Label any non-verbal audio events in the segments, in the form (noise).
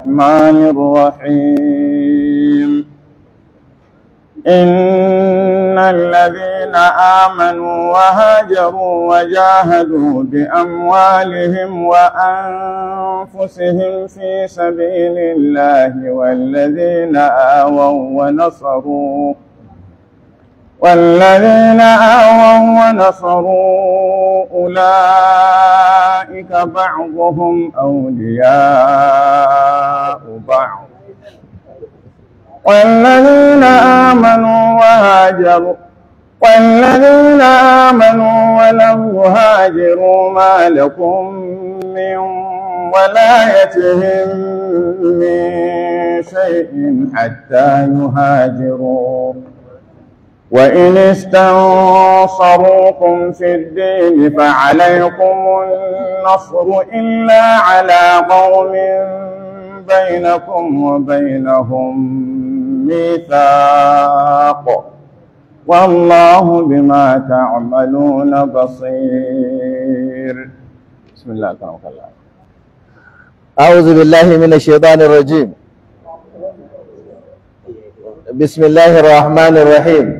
الرحمن الرحيم إن الذين آمنوا وهاجروا وجاهدوا بأموالهم وأنفسهم في سبيل الله والذين آووا ونصروا والذين آووا ونصروا أولئك بعضهم أولياء بعض والذين آمنوا وهاجروا والذين آمنوا ولم يهاجروا ما لكم من ولايتهم من شيء حتى يهاجروا وإن استنصروكم في الدين فعليكم النصر إلا على قوم بينكم وبينهم ميثاق والله بما تعملون بصير بسم الله الرحمن الرحيم أعوذ بالله من الشيطان الرجيم بسم الله الرحمن الرحيم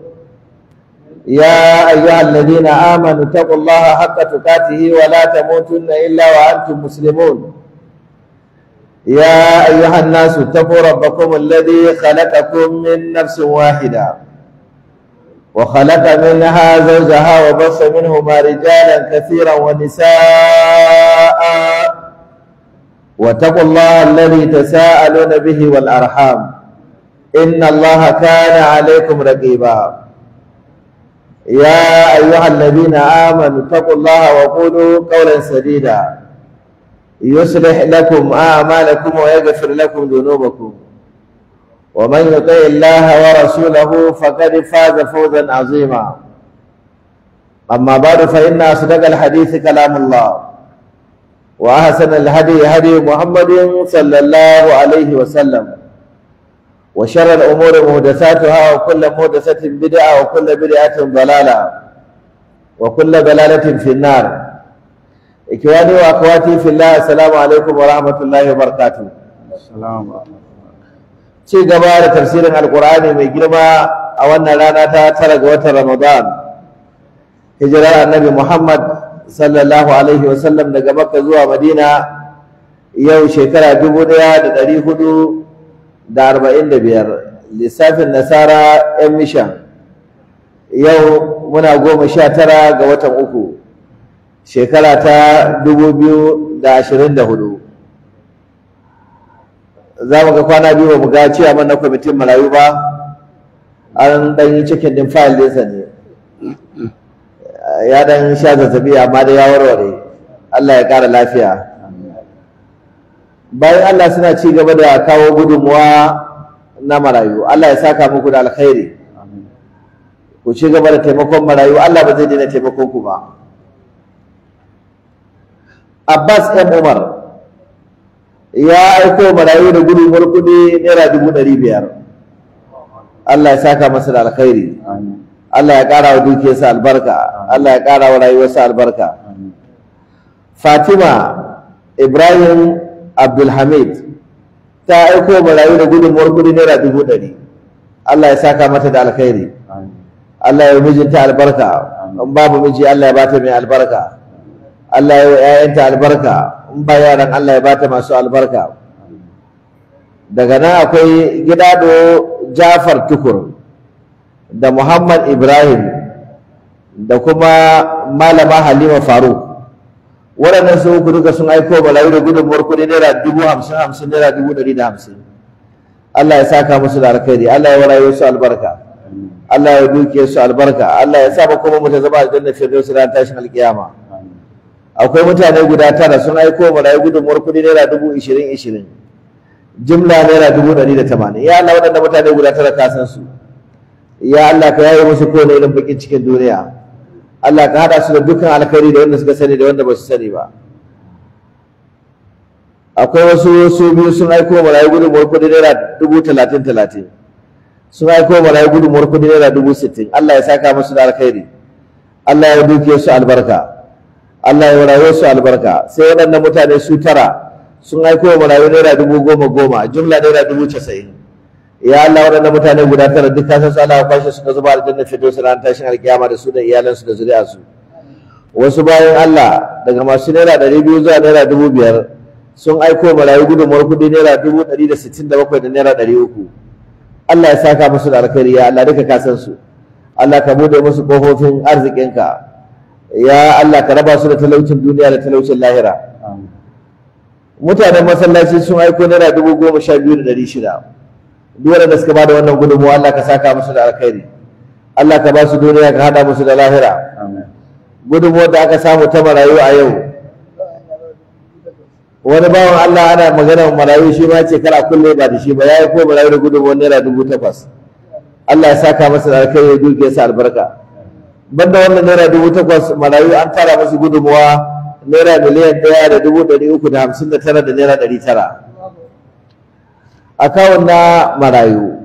يا أيها الذين آمنوا اتقوا الله حق تقاته ولا تموتن إلا وأنتم مسلمون يا أيها الناس اتقوا ربكم الذي خلقكم من نفس واحدة وخلق منها زوجها وبص منهما رجالا كثيرا ونساء واتقوا الله الذي تساءلون به والأرحام إن الله كان عليكم رقيبا يا أيها الذين آمنوا اتقوا الله وقولوا قولا سديدا يصلح لكم أعمالكم ويغفر لكم ذنوبكم ومن يطع الله ورسوله فقد فاز فوزا عظيما أما بعد فإن أصدق الحديث كلام الله وأحسن الهدي هدي محمد صلى الله عليه وسلم وشر الأمور مهدساتها وكل مهدسة بدعة وكل بدعة ضلالة وكل ضلالة في النار إخواني وأخواتي في الله السلام عليكم ورحمة الله وبركاته السلام ci gaba da tafsirin alkur'ani mai girma a wannan rana ta tara ga watan ramadan hijirar annabi muhammad sallallahu alaihi wasallam daga makka zuwa madina yau shekara dubu ɗaya da ɗari hudu da arba'in da biyar lissafin nasara 'yan mishan yau muna goma sha tara ga watan uku shekara ta dubu biyu da ashirin da hudu za mu ga kwana biyu ba mu ga cewa mana kwamitin marayu ba an ɗan yi cikin din fayil ɗinsa ne ya ɗan sha zazzabi amma da ya warware Allah ya ƙara lafiya bayan Allah suna ci gaba da kawo gudunmuwa na marayu Allah ya saka muku da alkhairi ku ci gaba da taimakon marayu Allah ba zai daina taimakon ku ba Abbas ɗan Umar ya aiko marayu da gudunmuwar kuɗi naira dubu ɗari biyar Allah ya saka masa da alkhairi Allah ya ƙara wa dukiyarsa albarka Allah ya ƙara wa rayuwarsa albarka Fatima Ibrahim abdulhamid ta aiko marayu da gudunmuwar kudi naira dubu ɗari allah ya saka mata da alkhairi allah ya mijinta albarka in babu miji allah ya bata mai albarka allah ya ‘ya'yanta albarka in ba yaran allah ya bata masu albarka daga nan akwai gidado jafar tukur da muhammad ibrahim da kuma malama halima faruk waɗannan sun uku duka sun aiko balawi da gudunmuwar kuɗi naira dubu hamsin hamsin naira dubu ɗari da hamsin Allah ya saka musu da alkhairi Allah ya waraye su albarka Allah ya duke su albarka Allah ya sa ba mu ta zama aljanna firdaus ran tashin alkiyama akwai mutane guda tara sun aiko balawi gudunmuwar kuɗi naira dubu ishirin ishirin jimla naira dubu ɗari da tamanin ya Allah waɗanda mutane guda tara ka san su ya Allah ka yaye musu kowane irin bakin cikin duniya Allah ka haɗa su da dukkan alkhairi da wanda suka sani da wanda ba su sani ba akwai wasu su biyu sun aiko marayu gudunmuwar kudi naira dubu talatin talatin sun aiko marayu gudunmuwar kudi naira dubu sittin Allah ya saka musu da alkhairi Allah ya duke su albarka Allah ya rayuwa su albarka sai waɗannan mutane su tara sun aiko marayu naira dubu goma goma jumla naira dubu casa'in ya Allah waɗannan mutane guda tara duk ka san su Allah ya kwashe su na zuba aljanna su ran tashin alkiyama da su da iyalansu da su. wasu bayan Allah daga masu naira ɗari biyu zuwa naira dubu biyar sun aiko marayu gudunmawar kuɗi naira dubu ɗari da sittin da bakwai da naira ɗari uku Allah ya saka musu da alkhairi ya Allah duka ka san su Allah ka bude musu ƙofofin arzikinka ya Allah ka raba su da talaucin duniya da talaucin lahira mutanen masallaci sun aiko naira dubu goma sha biyu da ɗari shida duk da suka bada wannan gudunmuwa Allah ka saka musu da alkhairi Allah ka ba su duniya ka hada musu da lahira gudunmuwar da aka samu ta marayu a yau wani bawan Allah ana magana marayu shi ma ce kala kulle ba da shi ba yayi ko marayu da gudunmuwar naira dubu takwas Allah ya saka masa da alkhairi duk ya sa albarka banda wannan naira dubu takwas marayu an tara musu gudunmuwa naira miliyan ɗaya da dubu ɗari uku da hamsin da tara da naira ɗari tara akawun na marayu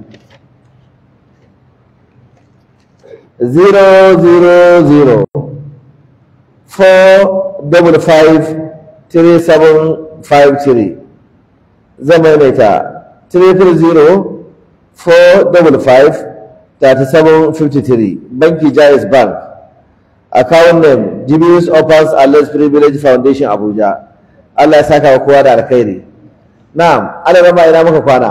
000 zama zan maimaita 330 banki jais bank account name gbs opens alice privilege foundation abuja allah ya saka wa kowa da alkhairi na'am alama ina muka kwana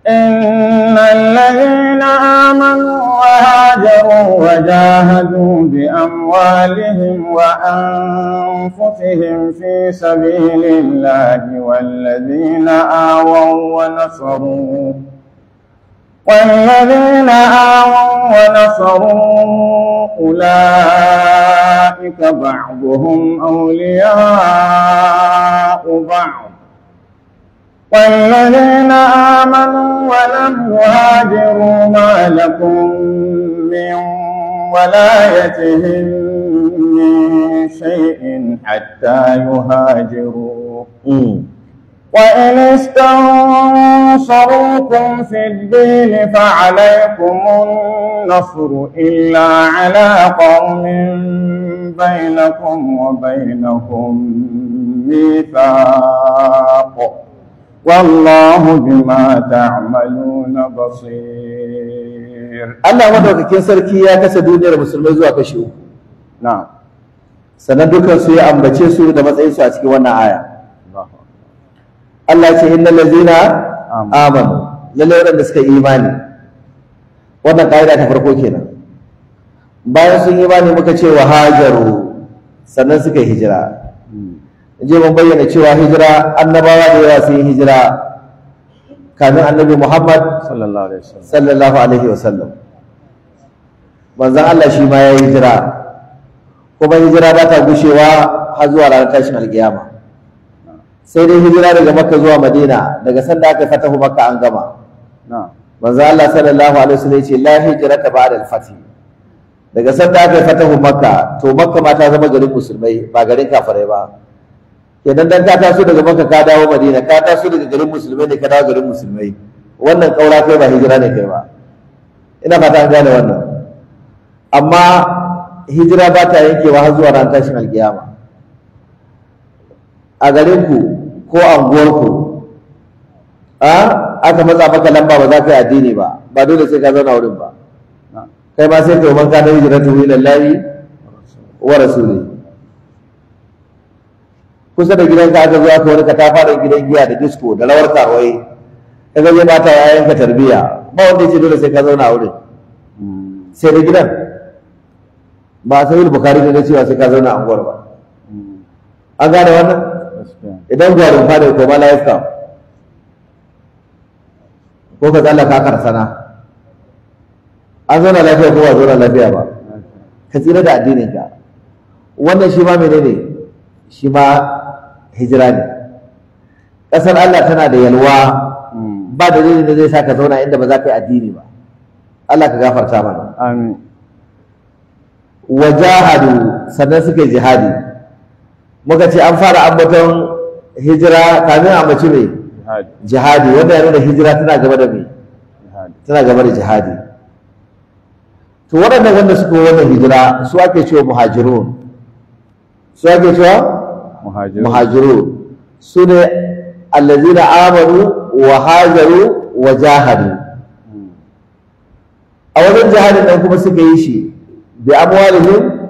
إن الذين آمنوا وهاجروا وجاهدوا بأموالهم وأنفسهم في سبيل الله والذين آووا ونصروا والذين آووا ونصروا أولئك بعضهم أولياء بعض والذين آمنوا ولم يهاجروا ما لكم من ولايتهم من شيء حتى يهاجروا وإن استنصروكم في الدين فعليكم النصر إلا على قوم بينكم وبينهم ميثاق wallahu bima ta'maluna basir Allah madaukakin sarki ya kasa duniyar musulmai zuwa kashi uku na'am sanan ya ambace su da matsayin a cikin wannan aya Allah ce innal ladzina amanu lalle waɗanda suka yi imani wannan ƙa'ida ta farko kenan bayan sun yi imani muka ce wa hajaru sannan suka hijira hmm. je mun bayyana cewa hijira annabawa da yawa sun yi hijira kamin annabi Muhammad sallallahu alaihi wasallam Banzan Allah shi ma ya hijira kuma hijira ba ta gushewa har zuwa ranar tashin alkiyama sai dai hijira daga Makka zuwa Madina daga sanda aka fatahu Makka an gama Banzan Allah sallallahu alaihi wasallam ya ce la hijira ta ba da alfati daga sanda aka fatahu Makka to Makka ma ta zama garin musulmai ba garin kafirai ba idan dan ka taso daga maka ka dawo madina ka taso daga garin musulmai ne ka dawo garin musulmai wannan kaura kai ba hijira ne kai ba ina fata an gane wannan amma hijira ba ta yankewa har zuwa ran tashin alkiyama a garin ku ko ku a aka matsa maka lamba ba za ka yi addini ba ba dole sai ka zauna wurin ba kai ma sai ka yi manka na hijiratu ilallahi wa rasuli kusa da gidan ka aka zo aka ta fara gidan giya da disko da rawar kawaye ka zai bata ka tarbiyya ba wanda ya ce dole sai ka zauna a wurin sai da gidan ba a sayi bukari ne cewa sai ka zauna a unguwar ba an gane wannan idan gwarin fada ko ma layuka ko ka ka karsana an zauna lafiya ko ba zauna lafiya ba ka tsira da addininka wannan shi ma menene shi ma hijira ne ƙasar Allah tana da yalwa ba dalilin da zai sa ka zauna inda ba za ka yi addini ba Allah ka gafarta mana amin wajahadu sannan suka yi jihadi muka ce an fara ambaton hijira kamin a mace mai jihadi wanda ya nuna hijira tana gaba da mai tana gaba da jihadi to waɗanda wanda suka wannan hijira su ake cewa muhajirun su ake cewa muhajiru su ne da amanu wa hajaru wa jahadu a wajen jihadin nan kuma suka yi shi bi amwalihim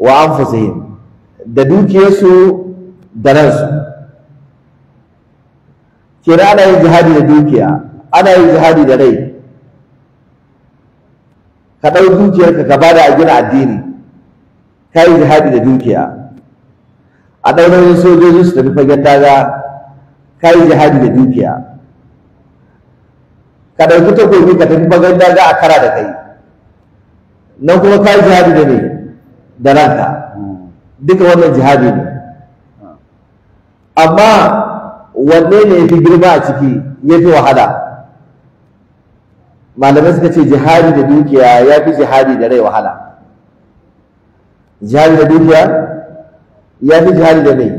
wa anfusihim da dukiyarsu da ransu kira ana yin jihadi da dukiya ana yin jihadi da rai ka ɗau dukiyarka ka bada a gina addini ka yi jihadi da dukiya a ɗaunarin sojoji su tafi fagen daga ka yi jihadi da dukiya ka ɗauki takobi ka tafi fagen daga a kara da kai nan kuma ka yi jihadi da ne da ranka duka wannan jihadi ne amma wanne ne ya fi girma a ciki ya fi wahala malamai suka ce jihadi da dukiya ya fi jihadi da rai wahala jihadi da dukiya ya fi jihadi da mai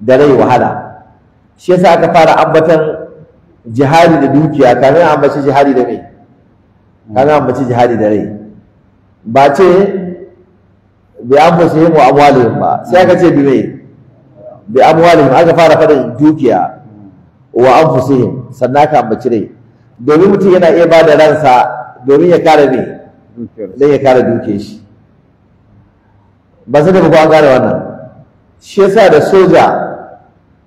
da rai wahala shi yasa aka fara ambatan jihadi da dukiya kamin ambaci jihadi da mai kamin ambaci jihadi da rai ba ce bi ambaci himu amwalihim ba sai aka ce bi mai bi amwalihim aka fara faɗin dukiya wa anfusihim sannan aka ambaci rai domin mutum yana iya ba da ransa domin ya kare mai don ya kare dukiyar shi ba sai da ba an gane wannan shi yasa da soja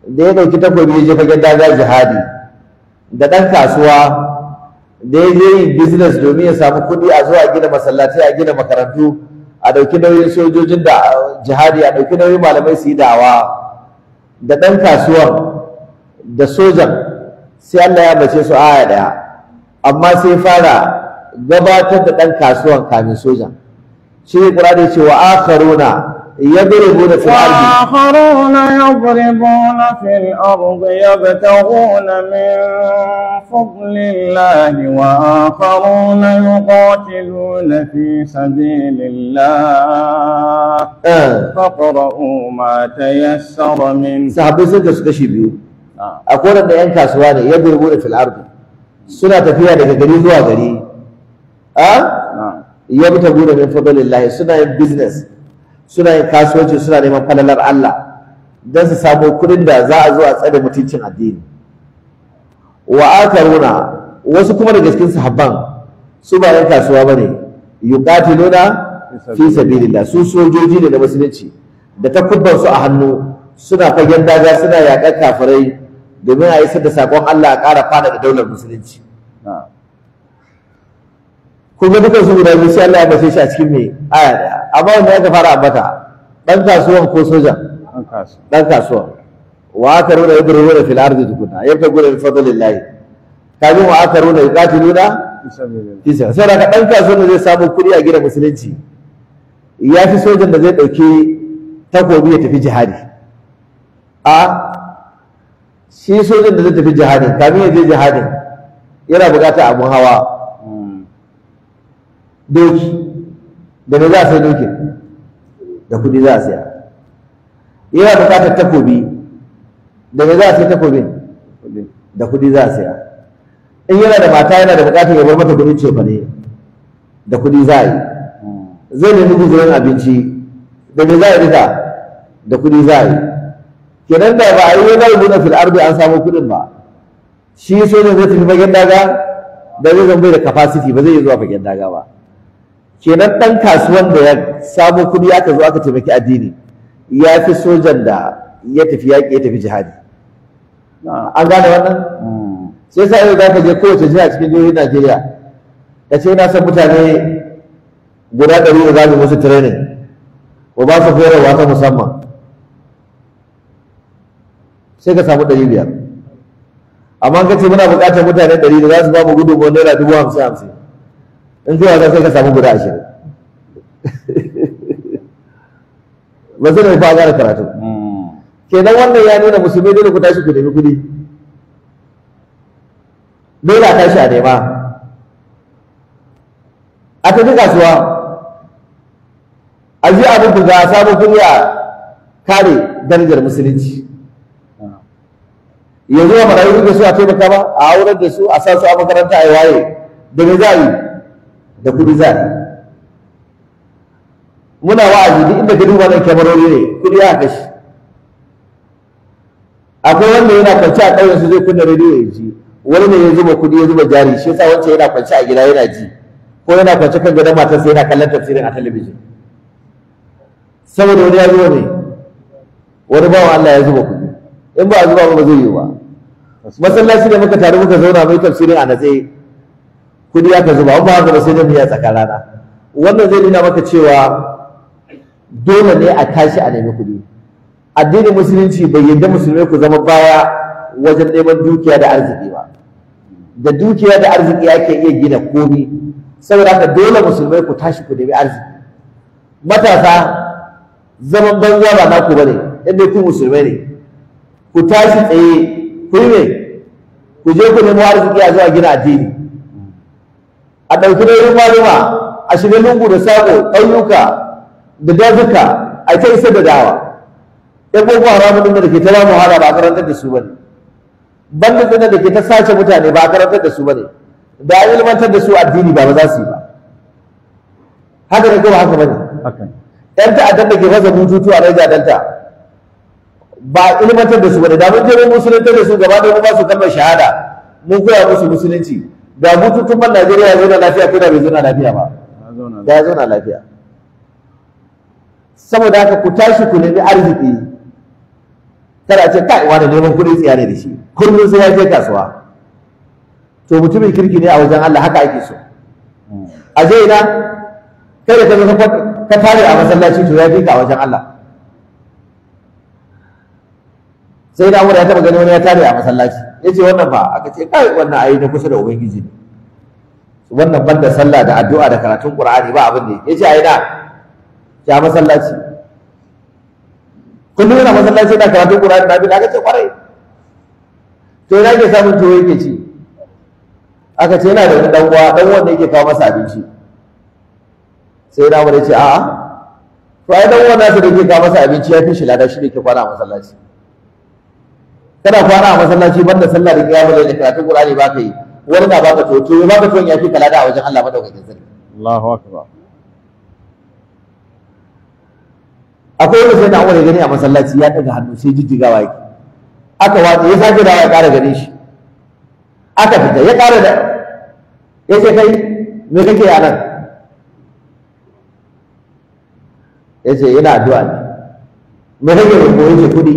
da ya ɗauki takobi ya je fagen daga jihadi da ɗan kasuwa da ya je yin business domin ya samu kuɗi a zuwa gina masallatai a gina makarantu a ɗauki nauyin sojojin da jihadi a ɗauki nauyin malamai su yi dawa da ɗan kasuwar da sojan sai Allah ya bace su aya ɗaya amma sai fara gabatar da ɗan kasuwan kamin sojan shi ne ƙura da cewa akharuna يضربون في الأرض وآخرون يضربون في الأرض يبتغون من فضل الله وآخرون يقاتلون في سبيل الله آه. فاقرؤوا ما تيسر منه صحابي سنك سكشي بيو آه. أقول أن ينكا سواني يضربون في الأرض سنة فيها لك قريب وغريب أه؟ آه. يبتغون من فضل الله سنة بزنس suna yin kasuwanci suna neman falalar Allah don su samu kuɗin da za a zo a tsare mutuncin addini wa akaruna wasu kuma daga cikin sahabban su ba yan kasuwa ba bane yuqatiluna fi sabilillah su sojoji ne da musulunci da takubban su a hannu suna fagen daga suna yaƙar kafirai domin a isar da saƙon Allah a ƙara fada da daular musulunci Kuma dukansu dukan su guda biyu sai Allah ya bace shi a cikin mai aya amma wanda ya fara ambata dan kasuwan ko sojan dan kasuwan wa akaruna yadruna fil ardi tukuna yabtaguna min fadlillahi kaji wa akaruna yuqatiluna kisa sai da dan kasuwan zai samu kudi a gidan musulunci ya fi sojan da zai dauki takobi ya tafi jihadi a shi sojan da zai tafi jihadi kamin ya je jihadi, yana bukata abun hawa hmm. doki da me za a sai dokin da kuɗi za a saya yana bukatar takobi da me za a sai takobin da kuɗi za a siya. in yana da mata yana da buƙatar ya bar mata kudi ce ne da kuɗi za a yi zai nemi guzurin abinci da me za a duka da kuɗi za a yi kenan da ba a yi wani rubuta fil ardi an samu kuɗin ba shi so ne zai tafi fagen daga da zai zan bai da capacity ba zai iya zuwa fagen daga ba kenan ɗan kasuwan da ya samu kudi aka zo aka taimaki addini ya fi sojan da ya tafi yaƙi ya tafi jihadi an gane wannan sai sa yau za ka je kowace jiha cikin jihohin najeriya ka ce na san mutane guda ɗari da za musu training ko ba su horarwa ta musamman sai ka samu ɗari biyar amma ka ce muna buƙatar mutane ɗari da za su ba mu gudunmawar naira dubu hamsin hamsin in zai wasa sai ka samu guda ashirin ba zai mai fagara karatu kenan wannan ya nuna musulmi dole ku tashi ku nemi kuɗi dole a tashi a nema a tafi kasuwa a ji abin ku ga samun kuɗi a kare darajar musulunci yanzu wa marayu da su a taimaka ba a aurar da su a sasu su a makaranta a yi waye da me za a yi da kuɗi za a muna wa'azi duk inda ka duba nan kyamarori ne kuɗi ya kashi akwai wanda yana kwance a ƙauyen su zai kunna rediyo ya ji wani ne ya zuba kuɗi ya zuba jari shi yasa wancan yana kwance a gida yana ji ko yana kwance kan gadon matarsa yana kallon tafsirin a talabijin saboda wani ya zuba ne wani bawan Allah ya zuba kuɗi in ba a zuba ba zai yi ba masallaci da muka taru muka zauna mai tafsirin a natsaye kudi aka zuba ba haka ba sai da miya tsakarana wannan zai nuna maka cewa dole ne a tashi a nemi kudi addinin musulunci bai yadda musulmai ku zama baya wajen neman dukiya da arziki ba da dukiya da arziki ake iya gina komi saboda haka dole musulmai ku tashi ku nemi arziki matasa zaman banza ba naku bane inda ku musulmai ne ku tashi tsaye ku yi me ku je ku nemi arziki a zuwa gina addini a ɗauki nauyin maluma a shiga lungu da saƙo ƙauyuka da dazuka a ta isa da dawa ɗan boko haramun ɗin da ke ta bamu hala ba a karantar da su ba ne bandin ɗin da ke ta sace mutane ba a karantar da su ba ne da an ilmantar da su addini ba ba za su yi ba haka ne ko haka ba ne ƴan ta'addar da ke fasa bututu a Niger Delta ba ilmantar da su ba ne da mun je mun musulunta da su gaba ɗaya mun ba su kalmar shahada mun koya musu musulunci da bututun ban Najeriya ya zauna lafiya ko da bai zauna lafiya ba ya zauna lafiya saboda haka ku tashi ku nemi arziki kada a ce kai wani neman kuɗi tsiyare da shi kullum sai ya je kasuwa to mutumin kirki ne a wajen Allah haka ake so a je ina kai da ta zo ka tare a masallaci to ya fi ka a wajen Allah sai da ya taba gani wani ya tare a masallaci ya ce wannan ba aka ce kai wannan ayi na kusa da ubangiji ne wannan banda sallah da addu'a da karatun qur'ani ba abin da ya ce ayi da ya masallaci kullum yana masallaci da karatun qur'ani da bi aka ce kwarai to yana ke samun to yake ci aka ce yana da wani dan uwa dan wanda yake kawo masa abinci sai na wani ce a'a to ai dan uwa nasa da yake kawo masa abinci ya fi shi lada shi ne ke kwana a masallaci kada kwana a masallaci banda sallah da kiyama da karatun qur'ani ba ka yi wani na baka to to baka to ya fi kalada a wajen Allah madaukakin sarki Allahu akbar akwai wani sai da Umar gani a masallaci ya daga hannu sai jijjigawa yake aka watsa ya sake dawa ya kara gare shi aka fita ya kara da ya ce kai me kake a nan ya ce yana addu'a ne me kake roƙo ya ce kuɗi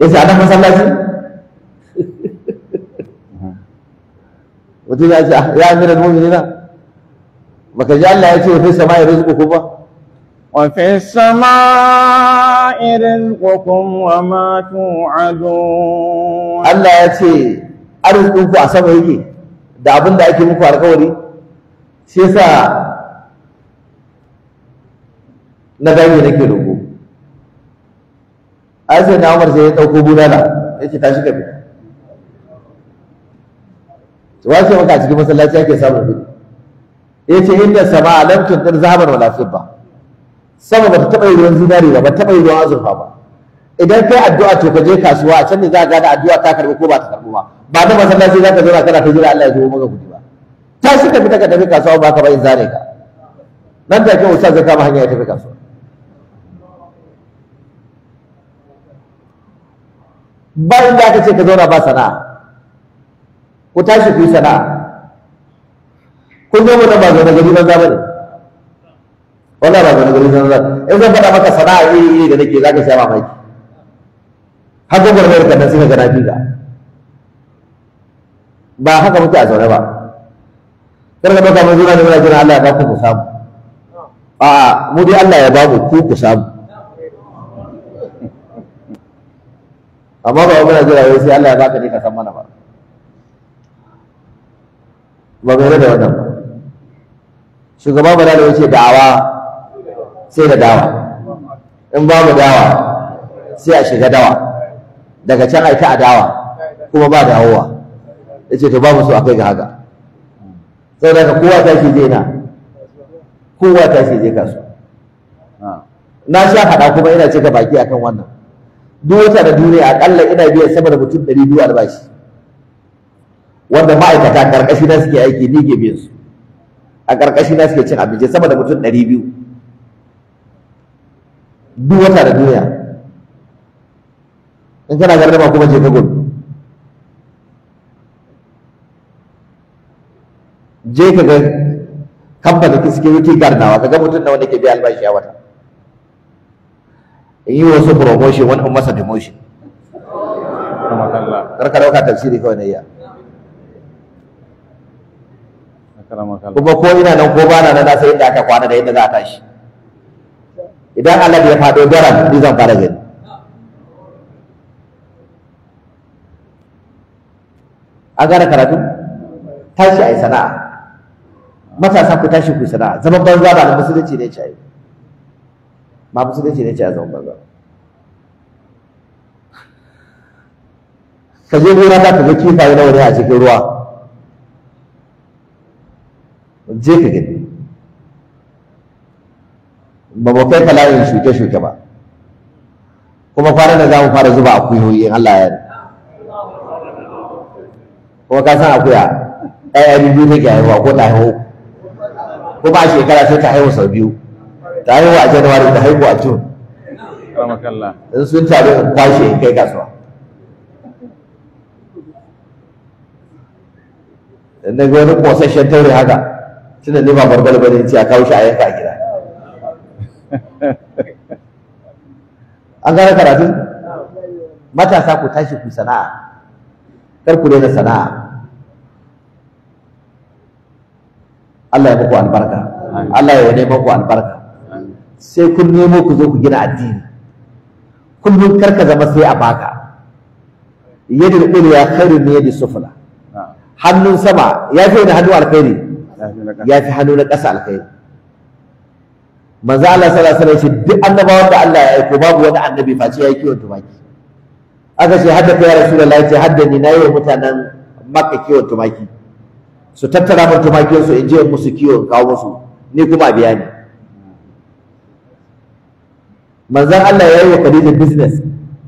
yace a nan masallaci wata ya ce ah, ya amira na baka ji Allah ya ce ya sama'i ku ba wa fi irin kokon wa ma Allah ya ce ku a sama yake da abin da ake muku alkawari shi yasa na gani nake roƙo ai sai na umar sai ya ɗauko bulala ya ce tashi ka fita ce maka a cikin masallaci ake samun gudu ya ce inda sama lam ɗin zahabar wala ba. sama ba ta taɓa yi ruwan zinari ba ba taɓa yi ruwan azurfa ba idan kai addu'a to ka je kasuwa a can ne za ka gane addu'a ta karɓi ko ba ta karɓi ba ba na masallaci za ka zauna kana ta jira Allah ya jiwo maka kuɗi ba ta shi ka fita ka tafi kasuwa ba ka ba in zare ka nan take ustaz ya kama hanya ya tafi kasuwa ba da aka ce ka zauna ba sana'a ku tashi ku yi sana'a kun zo mutum ba zaune gari banza ba ne wannan ba zaune gari banza in zan faɗa maka sana'a iri iri da nake za ka sha mamaki har zan gwarmayar ka nan sai ka gana fika ba haka muke a zaune ba kar ka ɗauka mun zuna ne muna jira Allah ya ba ku ku samu a'a mu dai Allah ya ba mu ku ku samu amma ba muna jira wai sai Allah ya baka ne ka san mana ba ba gare da wannan ba shugaba ba da yace da'awa sai da dawa in babu dawa sai a shiga dawa daga can aita a dawa kuma ba dawowa yace to babu so akai ga haka sai daga kowa ta shi je na kowa ta shi je kasu. na sha hada kuma ina cika baki akan wannan duk wata da duniya akalla ina biyan sama da mutum ɗari biyu albashi wanda ma'aikata ƙarƙashi na suke aiki ni ke biyan su a ƙarƙashi na suke cin abinci sama da mutum ɗari biyu duk wata da duniya in kana ma kuma je ka gudu je ka ga kamfanin security guard gardawa, ka ga mutum da wanda ke biya albashi a wata in yi wasu promotion wani in masa demotion karka dauka tafsiri kawai na iya kuma ko ina nan ko bana na nasa inda aka kwana da yadda za a tashi idan Allah ya faɗo daren ni zan fara gani an gane karatu tashi a yi sana'a matasa ku tashi ku sana'a zaman banza ba na musulunci ne ci a yi ba musulunci ah, ne ce eh, a zaman ka je ka a ruwa je ka gani shuke-shuke ba kuma za mu fara zuba Allah kuma ka san akuya ɗaya biyu haihuwa ko kuma a shekara sai haihu sau biyu ta haihuwa a januwari ta haihu a june in sun taru in kwashe in kai kasuwa in na wani kwasashen taurin haka shi ne ba barbar bane ce a kawo shi a yanka a gida an gane karatu matasa ku tashi ku sana'a kar ku daina sana'a Allah ya muku albarka Allah ya nemi muku albarka sai kun nemo ku zo ku gina addini kullum karka zama sai a baka yadda da ya khairu ne yadda sufula hannun sama ya fi da hannu alkhairi ya fi hannu na ƙasa alkhairi manzo Allah sallallahu alaihi wasallam duk annabawan wanda Allah ya aiko babu wani annabi face ya yi kiwon tumaki aka ce hadda kai ya rasulullahi ce hadda ni nayi wa mutanen makka kiwon tumaki su tattara mun tumakin su in je musu kiwon kawo musu ni kuma a biya ni manzon Allah ya yi wa Khadija business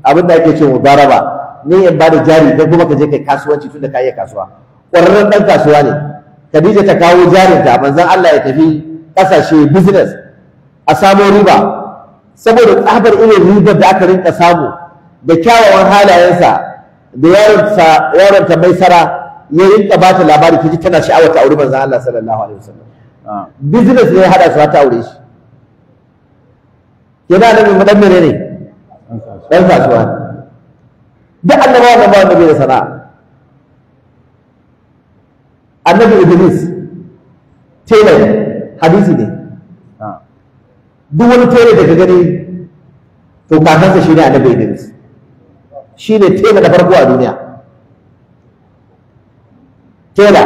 abin da ake ce mudaraba ni in ba da jari dan kuma ka je kai kasuwanci tunda ka yi kasuwa ƙwararren ɗan kasuwa ne Khadija ta kawo jarinta manzan Allah ya tafi kasashe business a samo riba saboda tsabar irin ribar da aka rinka samu da kyawawan halayensa da yaron ta mai sara ya rinka ba ta labari ta ji tana sha'awar ta auri manzan Allah sallallahu alaihi wasallam ah. business ne ya hada su ta aure shi yana da mai mu mene ne. Ɗan kasuwa duk annabawa nan ba bai da sana'a annabi Idris tailor hadisi ne duk wani tailor da ka gani to kakansa shi ne annabi Idris shi ne tela da farko a duniya tela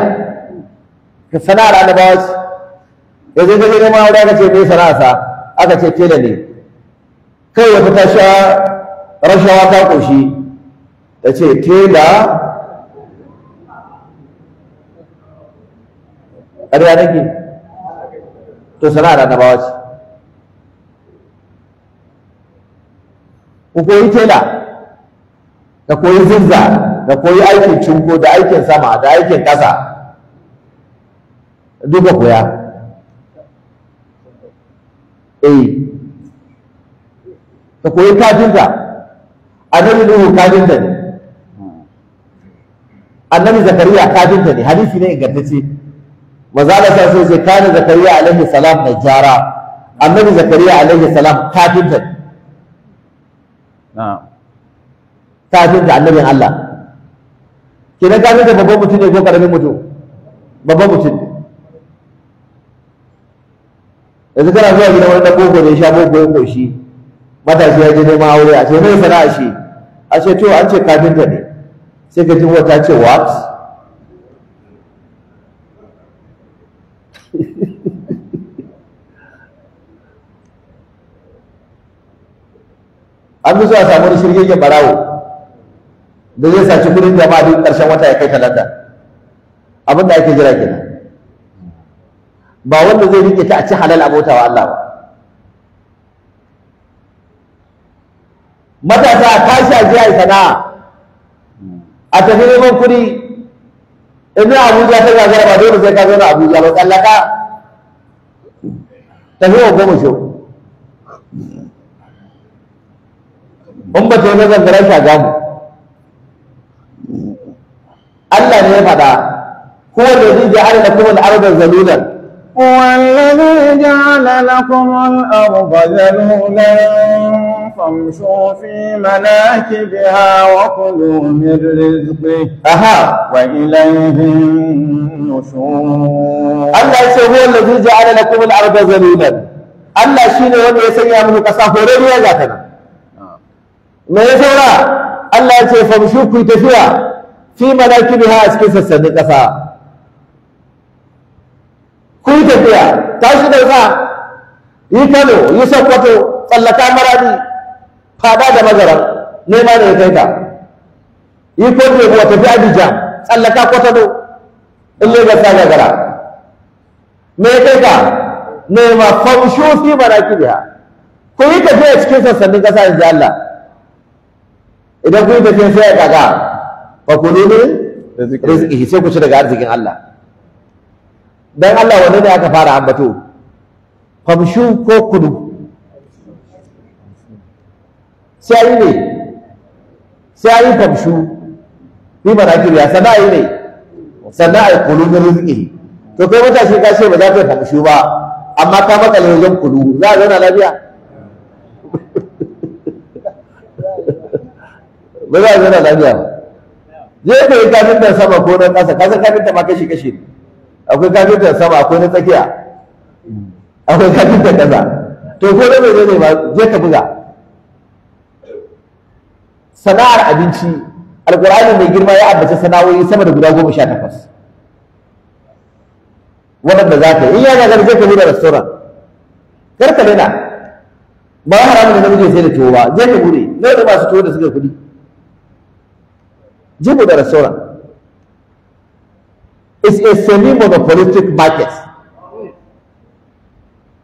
ka sana'ar annabawa ya zai zai ma wuri aka ce mai sana'arsa aka ce tela ne kai wata ta sha rashawa ta ƙoshi ta ce tela ƙarya nake to sana'ar annabawa ce ku koyi tela ka koyi zirza ka koyi aikin cinko da aikin sama da aikin ƙasa duka koya eh ka koyi kafinta annabi nuhu kafinta ne annabi zakariya kafinta ne hadisi ne ingantacce maza Allah sa sai sai kana zakariya alaihi salam na jara annabi zakariya alaihi salam kafinta ne na'am kafinta annabin Allah kenan kafinta babban mutum ne ko karamin mutum babban mutum ne yanzu kana zuwa gidan wani na boko ne ya sha boko ya koshi matashi ya je neman aure a ce mai sana'a shi a ce to an ce kafinta ne sai ka ji wata ce what an fi so a samu da shirye barawo da zai saci kudin jama'a duk ƙarshen wata ya kai talata abin da ake jira kenan ba wanda zai rike ta a ci halal wa Allah ba matasa a tashi a jiya sana'a a tafi neman kuɗi in abuja ta gagara ba dole sai ka zo na abuja ba tsallaka tafi wa goma shi in ba ta yi da zangaren gamu Allah ne ya faɗa kowa da zai ji arzika kuma da arzikin zalulan هو الذي جعل لكم الأرض ذلولا فامشوا في مناكبها وكلوا من رزقه أها وإليه النشور الله هو الذي جعل لكم الأرض ذليلا Allah shi ne wanda ya sanya muna ƙasa horariya ga tana me ya saura Allah ce famshu ku tafiya fi manakibiha a cikin sassanin ƙasa Kuyi tafiya tashi da yi Kano yi Sokoto tsallaka Maradi fada da magaran nema ne ya kai ka yi ko ne ko tafi abija tsallaka kwatano in ne gasa gagara me ya kai ka nema famshu fi marakibiha ku yi tafiya cikin sassanin kasa in ji Allah idan ku yi tafiya sai ya kaga fa ku ne ne rizqi sai ku ci daga arzikin Allah dan Allah wanne ne aka fara ambato famshu ko kudu sai ne sai ayi famshu fi ya sana yi ne sana ayi kulu min rizqi to kai matashi ka ce ba za ka yi ba amma ka maka wajen kulu za a zauna lafiya (laughs) ba za a zauna lafiya ba ka yi kafintar sama ko na kasa, ka san kafinta ma kashi kashi ne akwai kafintar sama akwai na tsakiya akwai kafintar kasa, to ko na mai ne ba? je ka buga sana'ar abinci alkur'ani mai girma ya ambaci sana'o'i sama da guda goma sha takwas waɗanda za ka yi in yana zai ka da restoran kar ka daina ba haramun da namiji sai da tuwo ba zai ka buɗe nawa da masu tuwo da suka kuɗi je buɗe restoran is a semi monopolistic market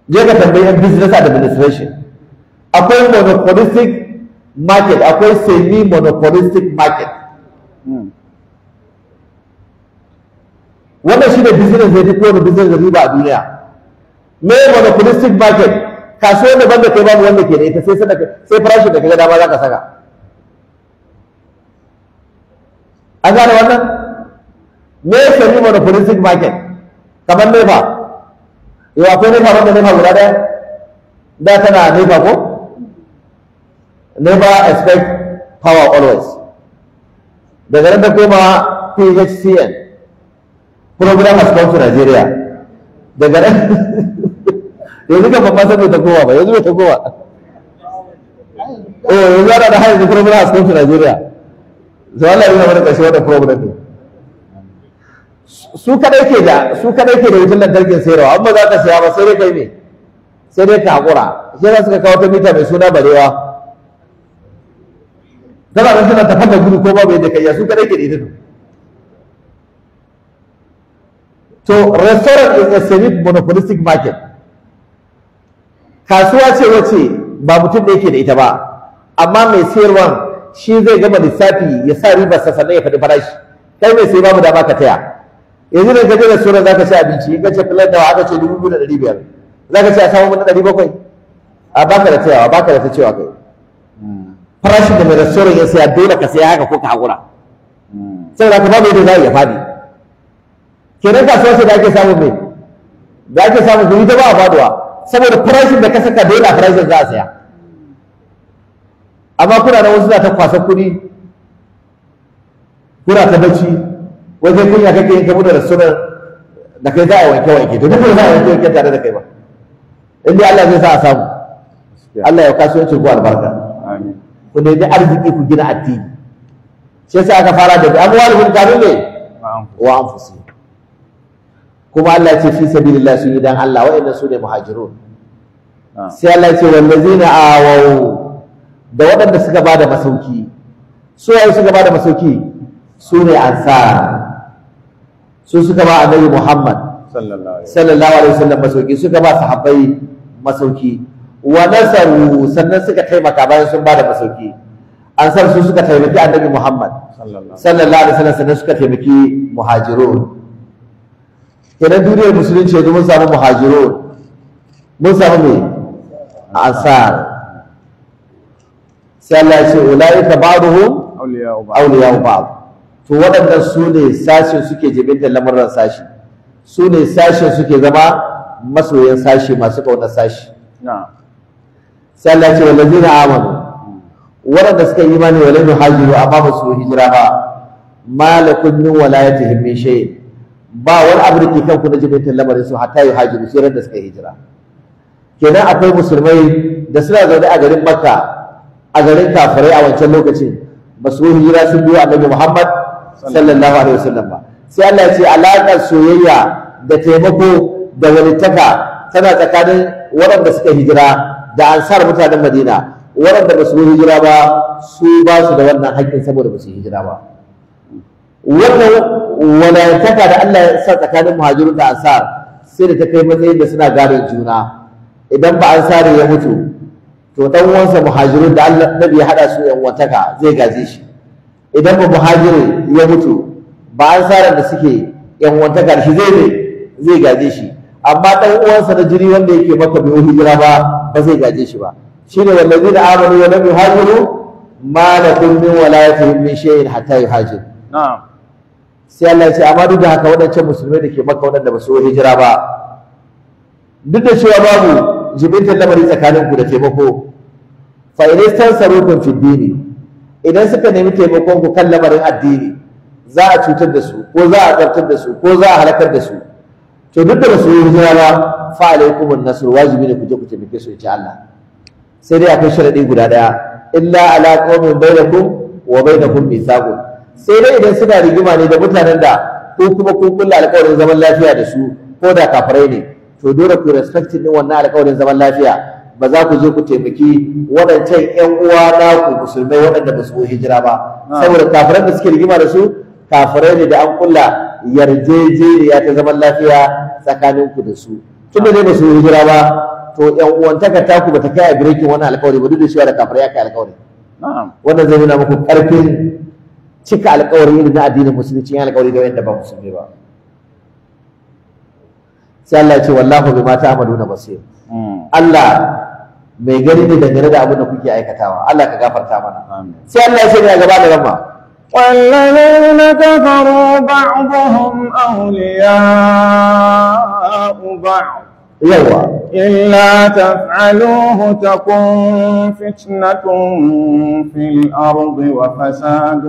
je ka tambayi business administration akwai monopolistic market akwai semi monopolistic market hmm. wannan shi ne business da ya fi kowane business da riba a duniya me monopolistic market kaso daban da kai babu wanda ke da ita sai sai farashi da kaga dama za ka saka an gane wannan me semi monopolistic market kamar ba yau akwai nefa wanda ne guda daya da tana ba ko never expect power always daga nan da koma phcn program has come to nigeria daga nan (laughs) yanzu ka babba san bai ta kowa ba yanzu bai ta kowa eh yanzu ana da hanyar program has come to nigeria zai Allah yana mana kashe wannan program ne su kadai ke da su kadai ke da wutar lantarkin sayarwa amma za ka saya ba sai dai kai ne. sai dai ka hakura shi yasa suka kawo ta mita mai suna barewa tana nan tana tafar da gudu ko babu yadda kai ya su kadai ke da ita to to restaurant is a semi monopolistic market kasuwa ce wace ba mutum da yake da ita ba amma mai sayarwa shi zai gama lissafi ya sa riba sa ya faɗi farashi kai mai sai babu dama ka taya yanzu da ka jira je restaurant ka ci abinci in ka ce filan nawa aka ce dubu biyu da ɗari biyar Za ka ce a samu mun ɗari bakwai a baka da tayawa baka da ta cewa kai farashin da mai restaurant ya saya dole ka saya haka ko ka haƙura saboda ka babu yadda za ya faɗi kenan ka sai da ake samun mai da ake samun kuɗi ta ba a faduwa saboda farashin da ka saka dole a farashin za a saya amma kuna da wasu za ta kwasa kuɗi kuna ta bacci wajen kunya kake yin kamu da restaurant da kai za a wanke wanke to duk za a wanke wanke tare da kai ba in dai Allah zai sa a samu Allah ya kasuwancin ku albarka ku nemi arziki ku gina addini shi yasa aka fara da amwaluhum kafin ne wa anfusihim kuma Allah ce fi sabilillah su yi dan Allah waɗanda su ne muhajirun ah. sai Allah ce wallazina awaw da waɗanda suka bada masauki su waye suka bada masauki su ne ansar su suka ba annabi Muhammad sallallahu alaihi wasallam masauki suka ba sahabbai masauki wa nasaru sannan suka taimaka bayan sun bada masauki ansar su suka taimaki annabi Muhammad sallallahu alaihi wasallam sannan suka taimaki muhajirun kenan duniyar musulunci yanzu mun samu muhajirun mun samu me ansar sai Allah ya ce ulaika ba'duhum awliya'u ba'd to waɗannan su ne sashin suke jibinta lamuran sashi su ne sashin suke zama masoyan sashi masu ƙaunar sashi na'am sai Allah ce wallazina amanu waɗanda suka yi imani walam yuhajiru amma ba su hijira ba malakun min walayatihim min shay ba wani abu da ke na jibintin lamarin su hatta yuhajiru sai da suka hijira kenan akwai musulmai da suna zaune a garin makka a garin kafirai a wancan lokacin ba su hijira sun biyo annabi muhammad sallallahu alaihi wasallam ba sai Allah ce alaƙar soyayya da taimako da walitaka tana tsakanin waɗanda suka hijira da ansar mutanen madina waɗanda ba su yi hijira ba su ba su da wannan haƙƙin saboda ba su yi hijira ba wannan walayantaka da Allah ya sa tsakanin muhajirun da ansar sai da ta kai matsayin da suna gane juna idan ba ansar ya mutu to dan uwansa muhajirun da Allah nabi ya hada su yan wataka zai gaje shi idan ba muhajiri ya mutu ba ansar da suke yan wataka shi zai zai gaje shi amma dan uwansa na jiri wanda yake maka bai hijira ba ba zai gaje shi ba shine da amanu wa lam yuhajiru ma lakum min walayatihim min shay'in hatta yuhajir na'am sai Allah ya ce amma duk da haka waɗancan musulmai da ke maka waɗanda ba su hijira ba duk da cewa babu jibintar lamari tsakanin ku da taimako fa idan tansarukum fi dini idan suka nemi taimakon ku kan lamarin addini za a cutar da su ko za a tsartar da su ko za a halakar da su to duk da basu yi hijira ba fa alaikumun nasr wajibi ne kuje je ku taimake su ita Allah sai dai akwai sharadi guda daya illa ala da bainakum wa bainakum mithaqun sai dai idan suna rigima ne da mutanen da ko kuma kun kulla alƙawarin zaman lafiya da su ko da kafirai ne to dole ku respect din wannan alƙawarin zaman lafiya ba za ku je ku taimaki waɗancan ƴan uwa na ku musulmai waɗanda ba su hijira ba saboda kafiran da suke rigima da su kafirai ne da an kula yarjejeniya ta zaman lafiya tsakaninku da su tunda ah. dai ba su hijira ba to yan ka taku ba ta kai a birkin wani alƙawari ba duk da cewa da kafirai ya kai alƙawari wannan zai nuna muku ƙarfin cika alƙawari irin na addinin musulunci yan alƙawari da wanda ba musulmi ba sai Allah ya ce wallahu bima ta'maluna basir hmm. Allah mai gani ne dangane da abin da kuke aikatawa Allah ka gafarta mana sai Allah ya ce ga gaba da rama والذين كفروا بعضهم أولياء بعض إلا تفعلوه تكون فتنة في الأرض وفساد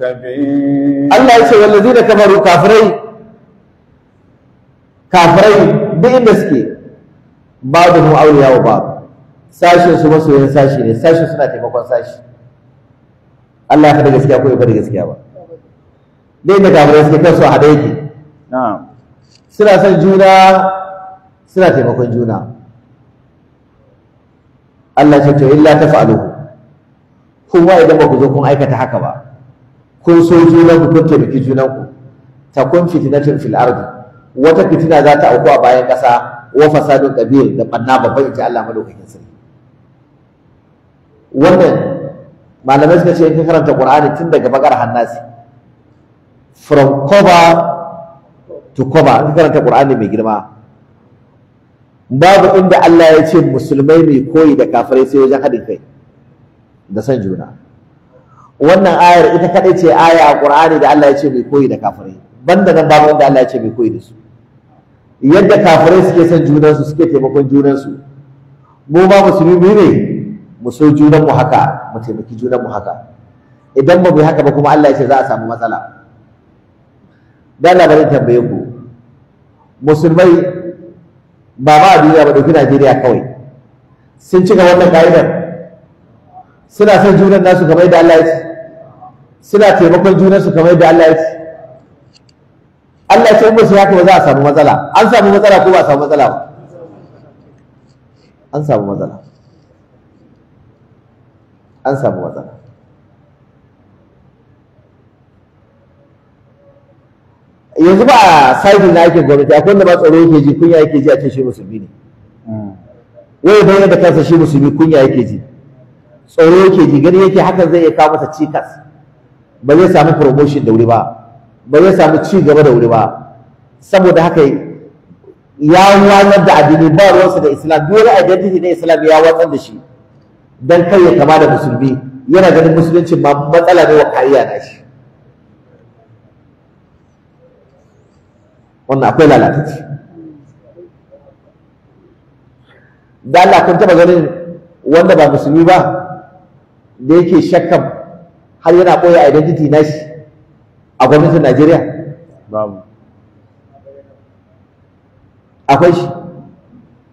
كبير الله يسوى الذين كفروا كافري كافرين بإمسكي بعضهم أولياء وبعض ساشي su ساشي ساشي سناتي sashin ساشي Allah ya faɗi gaskiya ko ya faɗi gaskiya ba dai da kafirai suke kansu a haɗa yake suna son juna suna taimakon juna Allah ce to illa Kun wa idan ba ku zo kun aikata haka ba kun so junanku kun taimaki junanku takun cin fil ardi wata fitina za ta auku a bayan ƙasa wa fasadun ƙabil da ɓanna babban ita Allah maɗaukakin sarki wannan malamai suka ce in ka karanta qur'ani tun daga bakar hannasi from cover to cover in ka karanta qur'ani mai girma babu inda Allah ya ce musulmai mai koyi da kafirai sai wajen haɗin kai da san juna wannan ayar ita kaɗai ce aya a qur'ani da Allah ya ce mai koyi da kafirai banda nan babu inda Allah ya ce mai koyi da su yadda kafirai suke son junansu suke taimakon junansu mu ba musulmi ne mu so juna mu haka mu taimaki juna mu haka idan ba mu haka ba kuma Allah ya ce za a samu matsala da labarin bari tambaye ku musulmai ba ba duniya ba dauki Najeriya kawai sun cika wannan ka'idar suna son junan nasu kamar yadda Allah ya ce suna taimakon junan su kamar yadda Allah ya ce Allah ya ce ba su haka ba za a samu matsala an samu matsala ko ba a samu matsala ba an samu matsala an samu matsala yanzu ba a sajin na ake gwamnati akwai wanda ba tsoro yake ji kunya yake ji a ce shi musulmi ne wai bayan da kansa shi musulmi kunya yake ji tsoro yake ji gani yake hakan zai iya kawo masa cikas ba zai samu promotion da wuri ba ba zai samu ci gaba da wuri ba saboda haka ya wanar da addini ba ruwansa da islam duk wani identity na islam ya watsar da shi dan kai ya kama da musulmi yana ganin musulunci ma matsala ne wa kariya na shi wannan akwai lalatacci da Allah kun taba ganin wanda ba musulmi ba da yake shakkan har yana ɓoye identity na shi a gwamnatin Najeriya babu akwai shi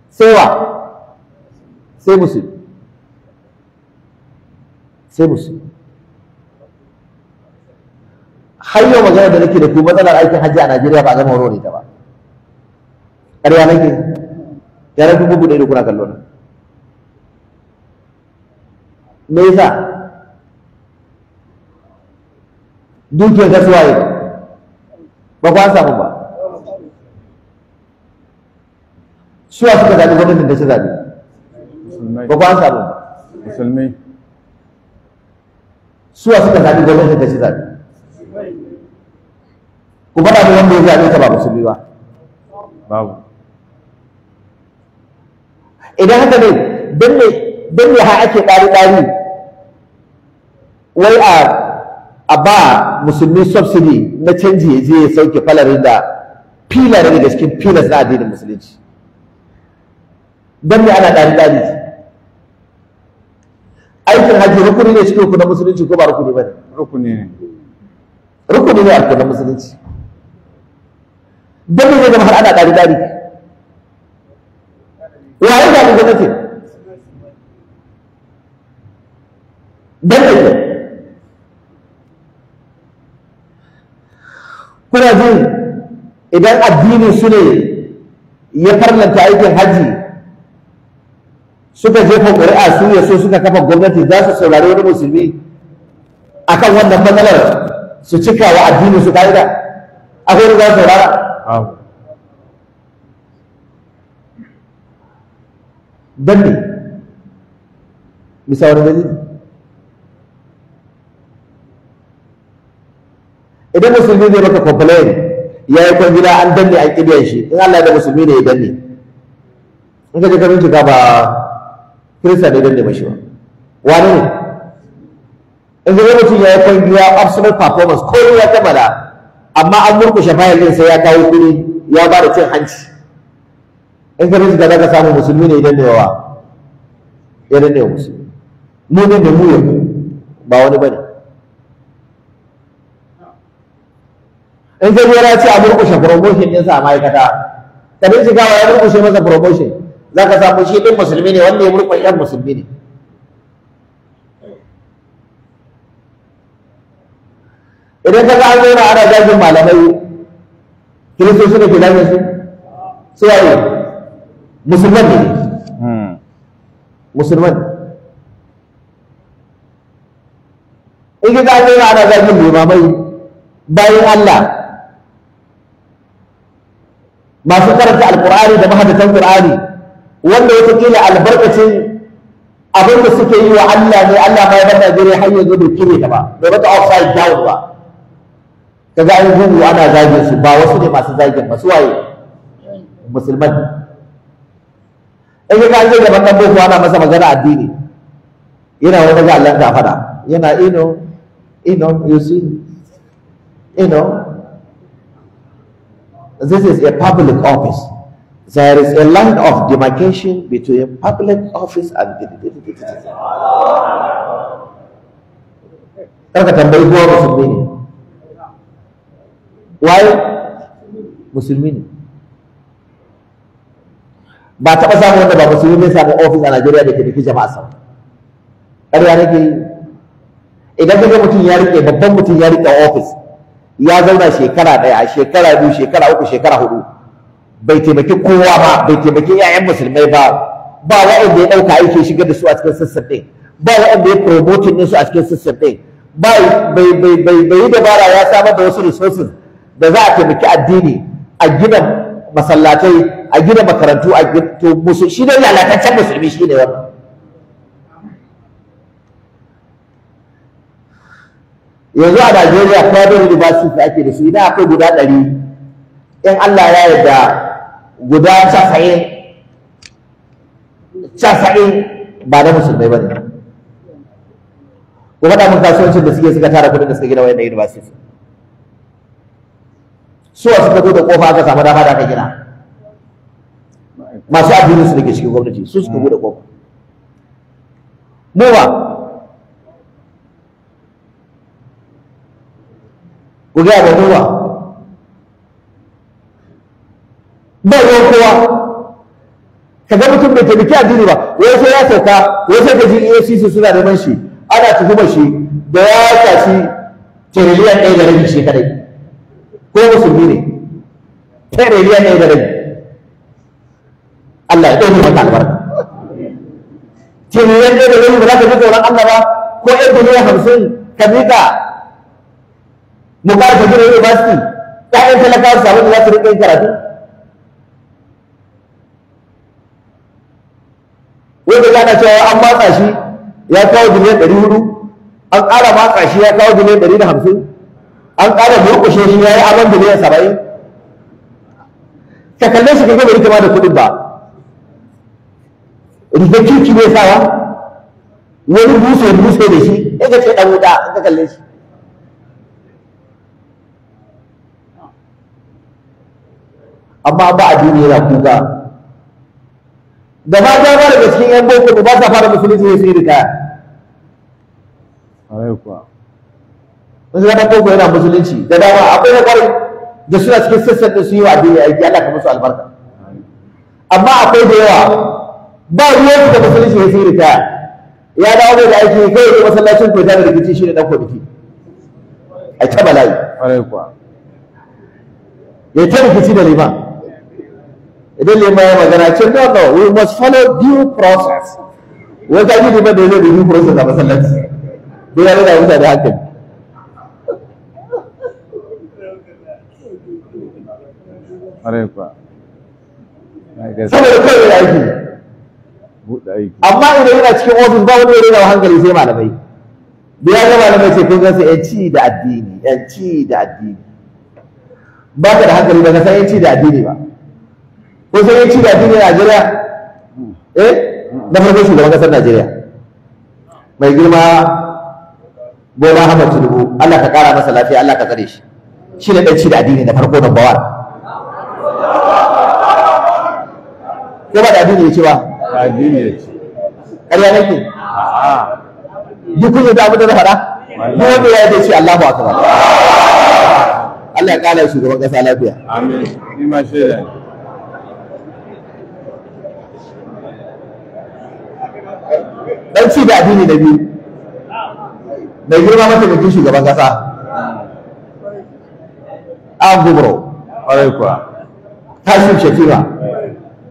sai wa sai musulmi sai musu har yau magana da nake da ku matsalar aikin hajji a Najeriya ba a gama warware ta ba ƙarya nake yaran dubu buɗe da kuna kallo na me yasa dukiyar kasuwa ne ba ku an samu ba suwa suka zaɓi gwamnatin da ta zaɓi ba ku an samu ba musulmi suwa suka zaɓi gwamnatin da shi zaɓi ku faɗa da wanda ya zaɓe ka ba musulmi ba babu idan haka ne don ne ha har ake ɗari ɗari wai a a ba musulmi subsidy na canji ya je ya sauke falarin da filar daga cikin filas na addinin musulunci don ne ana ɗari ɗari aikin hajji rukuni ne cikin rukunin musulunci ko ba rukuni ba ne rukuni ne rukuni ne a rukunin musulunci dan zai zama har ana ɗari ɗari waye da ga nake dan ne kuna zai idan addini su ne ya farlanta aikin hajji suka jefa ƙuri'a su ya so suka kafa gwamnati za su saurari wani musulmi akan wannan matsalar su cika wa addini su ka'ida akwai wani za saurara don ne misawar wani dalili idan musulmi ne maka complain ya yi kwangila an danne an ƙidiyan shi in Allah da musulmi ne ya danne in ka je ka bincika ba kirista da idan da mashi ba wane ne in ga mutum ya yi kwangiya absolute performance ko ya kammala amma an murkushe bayan din sai ya kawo kuri ya ba da cin hanci in ka rizika za ka samu musulmi ne idan da yawa ya ne musulmi mu ne da mu ya ba wani ba ne in ka ya ce a murkushe promotion ɗinsa a ma'aikata ka bincika wa ya murkushe masa promotion za ka samu shi ɗin musulmi ne wanda ya murƙon ‘yan musulmi ne idan ka ga an na ana jajin malamai kiristoci ne ke zagin su su waye musulman ne hmm. musulman in ka ga an zauna ana jajin limamai bayan Allah masu karanta alkur'ani da mahadatan qur'ani wanda watakila albarkacin abin da suke yi wa Allah ne Allah ma ya bar Najeriya har yanzu bai kire ta ba bai bata offside down ba kaga an gudu ana zagin su ba wasu ne masu zagin ba su waye musulman in ka je gaban dan boko ana masa magana addini yana wani ga Allah da fada yana ino ino you see ino this is a public office There is a line of demarcation between public office and Karka tambayi kowa musulmi ne. Waye? Musulmi ne. Ba taɓa samun wanda ba musulmi ne samun ofis a Najeriya da ke da jama'a sama. Ƙarya nake yi. Idan kaga mutum ya riƙe babban mutum ya riƙe ofis ya zauna shekara ɗaya, shekara biyu, shekara uku, shekara hudu. bai taimaki kowa ba bai taimaki 'ya'yan musulmai ba ba wa'anda ya ɗauka aiki shiga da su a cikin sassan ɗin ba wa'anda ya promoting ɗinsu a cikin sassan ɗin ba bai yi dabara ya samar da wasu resources da za a taimaki addini a gina masallatai a gina makarantu a gina musu shi ne lalataccen musulmi shi ne wannan yanzu a Najeriya private university ake da su idan akwai guda ɗari in Allah ya yarda guda casa'in casa'in ba na musulmai ba ne ku faɗa mun kasuwancin da suke suka tara kuɗin da suka gina wayan da university suwa suka zo da kofa aka samu dama da aka gina masu addinin su da ke cikin gwamnati su suka buɗe kofa mu ba ku gaya da mu ba ba ruwan kowa ka ga mutum bai taimaki addini ba wai sai ya sauka wai sai ka ji EFCC suna neman shi ana tuhumar shi da ya tashi tiriliyan ɗaya da rabi shi kadai ko musulmi ne tiriliyan ɗaya da rabi Allah ya ɗaya maka albarka tiriliyan ɗaya da rabi ba za ka ji tsoron Allah ba ko ɗaya biliyan hamsin ka miƙa mu ƙarfa gina university ta'yan talakawa su samu da za su riƙa yin karatu sai da gana cewa an matsa shi ya kawo biliyan ɗari hudu an ƙara matsa shi ya kawo biliyan ɗari da hamsin an ƙara burkushe shi ya yi aron biliyan saba'in ka kalle shi ka gaba ita ma da kuɗin ba rigar kirki bai sawa wani buso buso da shi ya ga ce ɗan wuta ka kalle shi amma ba a duniya yana kuka ba ta ba daga cikin yan boko ba ta fara musulunci sai su yi ritaya wasu gaban boko yana musulunci da dama akwai na kwarai da suna cikin sassan da su yi wa addini aiki Allah ka musu albarka amma akwai da yawa ba ruwan da musulunci sai da yi ya dawo mai da aiki kai da masallacin ko da rikici shi ne dan biki a ta bala'i ya ta rikici da liman idan lema ya magana ce no no we must follow due process wai ka ne liman da yanzu zai da due process a masallaci ko ya rada mutane hankali saboda kawai da aiki amma idan yana cikin ofis ba wani yana da hankali sai malamai da ya ga malamai ce kun gasa yanci da addini yanci da addini ba ka da hankali ba ka san yanci da addini ba ko sai ya ci da addinin Najeriya eh na farko shugaban kasar Najeriya mai girma Bola Ahmed Tinubu Allah ka kara masa lafiya Allah ka tsare shi shi ne dan ci da addini na farko da bawa ko ba da addini ya ci ba addini ya ce ƙarya nake duk kun yi da abu da na faɗa da wanda ya ce Allahu akbar Allah ya kara shugaban kasa lafiya amin ni ma da ci da addini na biyu mai girma mataimakin shugaban kasa an gubro ƙwarai kuwa tashin shakira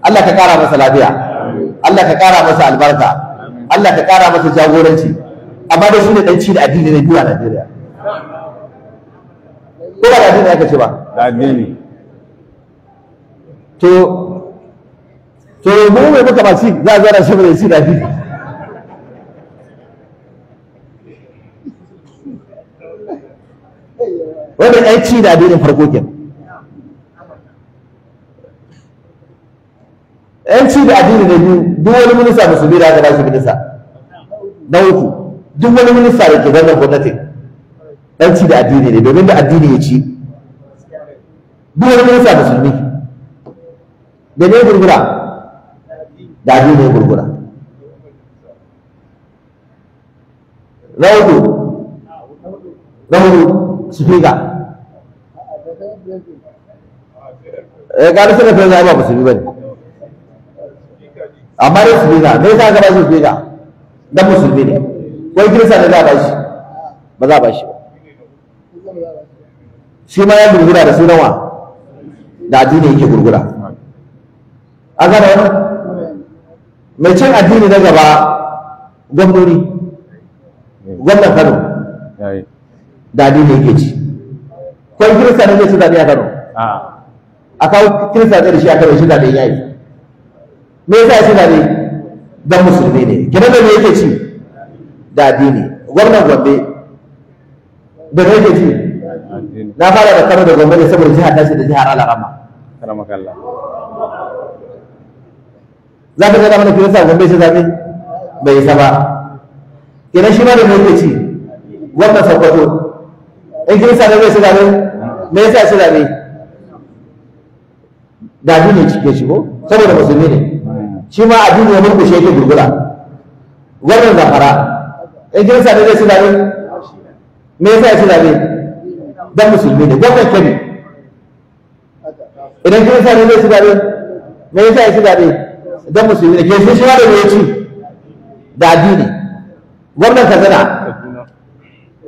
Allah ka ƙara masa lafiya Allah ka ƙara masa albarka Allah ka ƙara masa jagoranci amma da su ne ɗan ci da addini na biyu a Najeriya ko ba da addini aka ce ba da addini to to mu mai muka ba ci za a zara shi ba da addini wanda ya ci da addinin farko kenan ci da addinin da biyu duk wani minista bi da aka ba minista na uku duk wani minista da ke wannan gwamnati ci da addini ne domin da addini ya ci duk wani minista musulmi da ne gurgura da addini ya gurgura na uku na hudu speaker eh gari suka fi zama ba su bi bane amma dai su biga me yasa ka ba su biga mu musulmi ne ko kirista ne za a ba shi ba za a ba shi ba shi ma ya gurgura da sunan wa da addini yake gurgura an gane wannan mai cin addini na gaba gwamnoni gwamnan Kano dadi ne yake ci kwan kirista ne zai ci zaɓe a kano a kawo kirista zai shi a kano shi zaɓe ya yi me yasa ya ci zaɓe don musulmi ne gina da me yake ci dadi ne wannan gombe da me yake ci na fara da kano da gombe ne saboda jihar tashi da jihar al'arama za ka zama mana kirista gombe shi zaɓe bai yi ba kenan shi ma da me yake ci gwamnan sokoto in kirista ne zai su zabe me yasa su zabe da addini cike shi ko saboda musulmi ne shi ma addini ya murkushe yake gurgura wannan zafara in kirista ne zai su zabe me yasa su zabe dan musulmi ne gwamnan kebbi idan kirista ne zai su zabe me yasa su zabe dan musulmi ne ke shi ma da ya ci da addini gwamnan kazana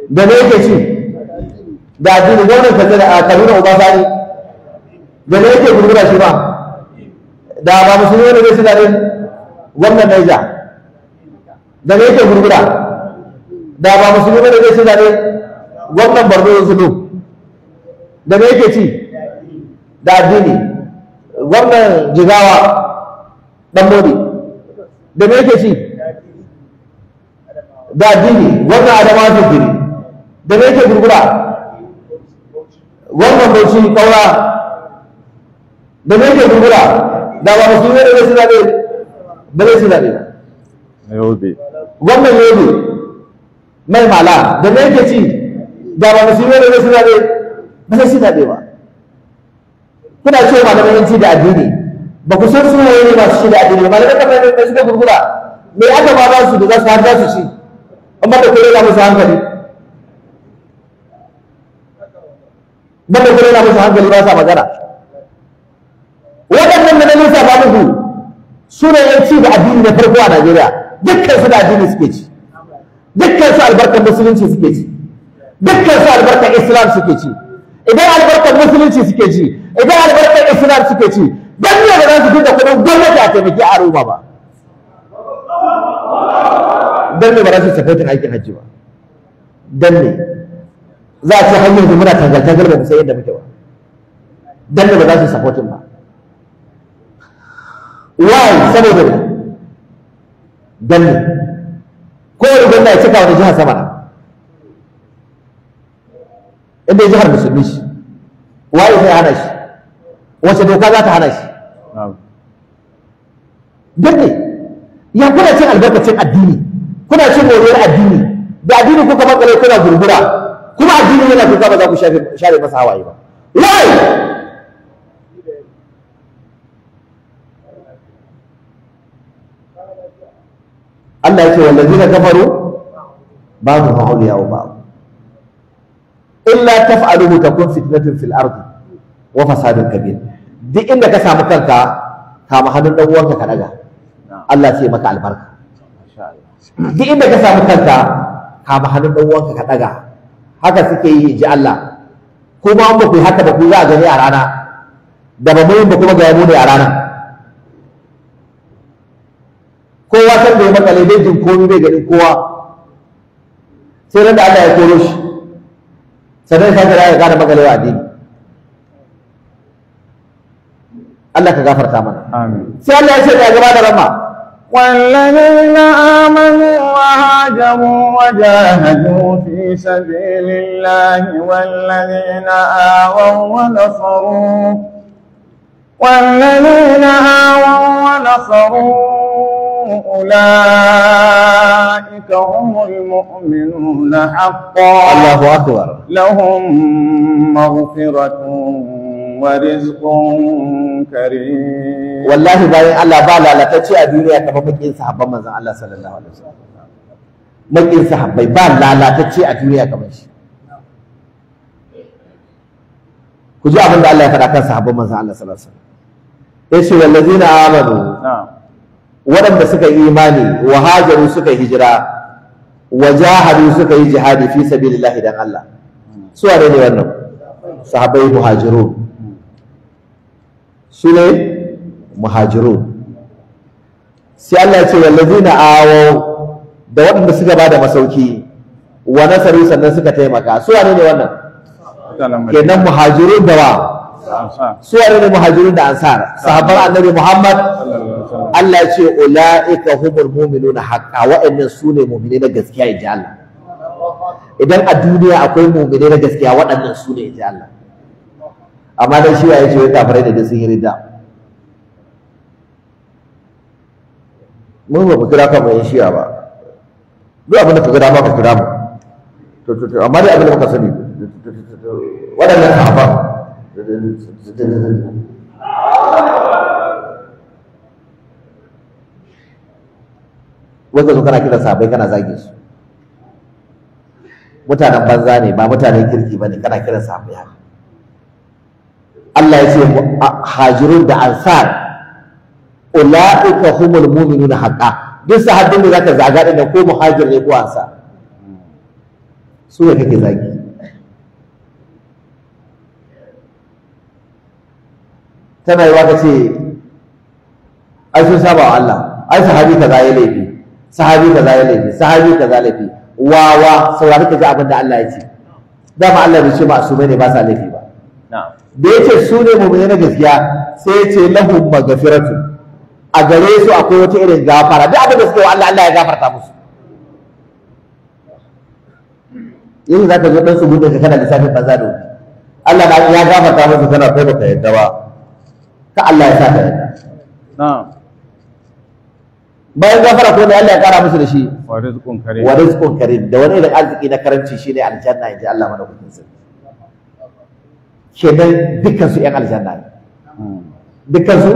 da me yake ci da addini gwamnan katsina a kaduna ubasani da ne yake gurgura shi ba da ba musulmi ne zai suna ne gwamnan naija da ne yake gurgura da ba musulmi ne zai suna ne gwamnan borno ya zulu da ne yake ci da addini gwamnan jigawa dan bodi da ne yake ci da addini gwamnan adamawa jigiri da ne yake gurgura wannan bai shi kaura da ne ke dubura da ba musulmi ne zai zaɓe ba zai ci zaɓe wannan yobe mai mala da ne ke ci da ba musulmi ne zai zaɓe ba zai ci ba kuna ce malamai yanci da addini ba ku san yi ne masu shi da addini ba malamai ne yadda suka gurgura mai aka ba su da za su har za su ci amma da kure za su hankali da bai kula musu hankali ba sa magana waɗannan da na lissafa muku su ne yan ci da addini na farko a Najeriya dukkan su da addini suke ci dukkan su albarkar musulunci suke ci dukkan su albarkar islam suke ci idan albarkar musulunci suke ci idan albarkar islam suke ci don ne ba za su fita kudin gwamnati a taimaki a Roma ba don ne ba za su tafi aikin hajji ba don ne za a ce hanyar da muna tangal-tangal ba mu san yadda muke ba dan da ba za su supporting ba why saboda ne dan ne ko idan ya cika wani jihar sama na? inda ya jihar musulmi shi why sai hana shi wace doka za ta hana shi dan ne ya kuna cin albarkacin addini kuna cin moriyar addini da addini kuka makale kuna gurgura kuma addini yana kuka ba za ku share masa hawaye ba why Allah yake ce wallazina kafaru ba'du awliya wa ba'd illa taf'aluhu takun fitnatun fil ardi wa fasadun kabir duk inda ka samu kanka ka ma hannun dan uwanka ka daga Allah sai maka albarka duk inda ka samu kanka ka ma hannun dan uwanka ka daga haka suke yi ji Allah ko ba ku ku haka ba ku za a gani a rana da ba mun ba kuma ga mu ne a rana kowa san da ya makale bai jin komai bai gani kowa sai ran da Allah ya koro shi sannan sai da ya gane makalewa addini Allah ka gafarta mana amin sai Allah ya ce da gaba da rama والذين آمنوا وهاجروا وجاهدوا في سبيل الله والذين آووا ونصروا والذين آووا ونصروا أولئك هم المؤمنون حقا الله أكبر لهم مغفرة ورزق كريم والله باين الله بالا لا تشي الدنيا كما بكين صحابة من الله صلى الله عليه وسلم makin sahabbai ba lalatacce a duniya kamar shi ku ji abin da Allah ya faɗa kan sahabban manzo Allah sallallahu alaihi wasallam yace wallazina amanu waɗanda suka yi imani wa hajaru suka hijira wa jahadu suka yi jihadi fi sabilillahi dan Allah su wane ne wannan sahabbai muhajiru su ne muhajiru. sai Allah ya ce wallazina awau da waɗanda suka ba da masauki wa nasaru sannan suka taimaka su wane ne wannan kenan muhajirun da wa su wane ne muhajirun da ansar sahabban annabi muhammad Allah ya ce ula'ika humul mu'minuna haqqa wa'annan su ne mu'mini na gaskiya inji Allah idan a duniya akwai mu'mini na gaskiya waɗannan su ne inji Allah amma dan shi ya ce ya kafirai da sun yi rida mun ba mu kira kamar yin shiya ba duk abin da ka ga dama ka kira mu amma dai abin da sani waɗannan sahaba wanda su kana kira sahabai kana zage su mutanen banza ne ba mutanen kirki ba ne kana kira sahabai haka Allah ya ce hajirun da ansar ula'ika humul mu'minuna haqqan duk sahabbin da zaka zaga da ko muhajir ne ko ansa su ne kake zagi tana yiwa ka ce ai sun saba wa Allah ai sahabi ka zaye laifi sahabi ka zaye laifi sahabi zaye laifi wawa saurari ka ji abin da Allah ya ce dama Allah bai ce su ne ba sa laifi ba da ya ce su ne mu'mini na gaskiya sai ya ce lahum magafiratun a gare su akwai wata irin gafara duk abin da suka yi wa Allah Allah ya gafarta musu in za ka zo dan su gudun kana lissafin ba za da wuce Allah ya gafarta musu kana kai baka yadda ba ka Allah ya sa ka yadda bayan gafara ko ne Allah ya kara musu da shi wa rizqun karim wa karim da wani da arziki na karanci shine aljanna inji Allah madaukakin sa kenan dukkan su ƴan aljanna ne hmm. dukkan su